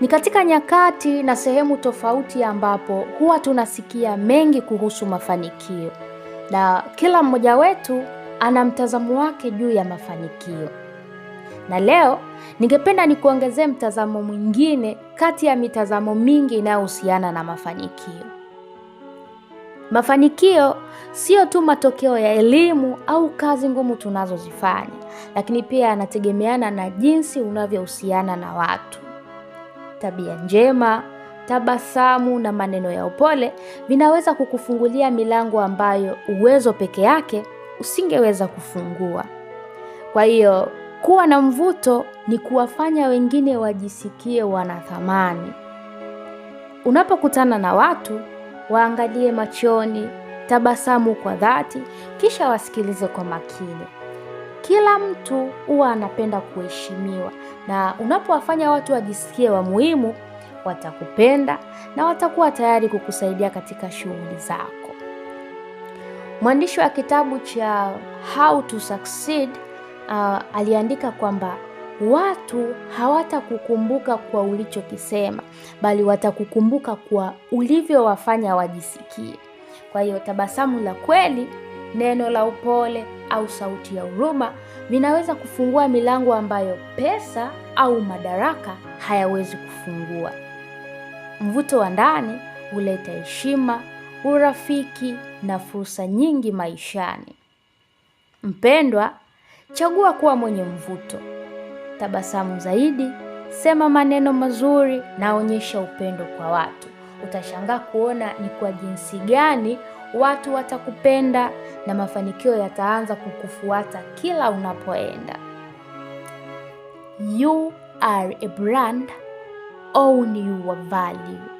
Ni katika nyakati na sehemu tofauti ambapo huwa tunasikia mengi kuhusu mafanikio na kila mmoja wetu ana mtazamo wake juu ya mafanikio, na leo ningependa nikuongezee mtazamo mwingine kati ya mitazamo mingi inayohusiana na mafanikio. Mafanikio sio tu matokeo ya elimu au kazi ngumu tunazozifanya, lakini pia yanategemeana na jinsi unavyohusiana na watu tabia njema, tabasamu na maneno ya upole vinaweza kukufungulia milango ambayo uwezo peke yake usingeweza kufungua. Kwa hiyo kuwa na mvuto ni kuwafanya wengine wajisikie wana thamani. Unapokutana na watu, waangalie machoni, tabasamu kwa dhati, kisha wasikilize kwa makini kila mtu huwa anapenda kuheshimiwa, na unapowafanya watu wajisikie wa muhimu, watakupenda na watakuwa tayari kukusaidia katika shughuli zako. Mwandishi wa kitabu cha How to Succeed uh, aliandika kwamba watu hawatakukumbuka kwa ulichokisema, bali watakukumbuka kwa ulivyowafanya wajisikie. Kwa hiyo tabasamu la kweli neno la upole au sauti ya huruma vinaweza kufungua milango ambayo pesa au madaraka hayawezi kufungua. Mvuto wa ndani huleta heshima, urafiki na fursa nyingi maishani. Mpendwa, chagua kuwa mwenye mvuto. Tabasamu zaidi, sema maneno mazuri na onyesha upendo kwa watu. Utashangaa kuona ni kwa jinsi gani watu watakupenda na mafanikio yataanza kukufuata kila unapoenda. You are a brand, own your value.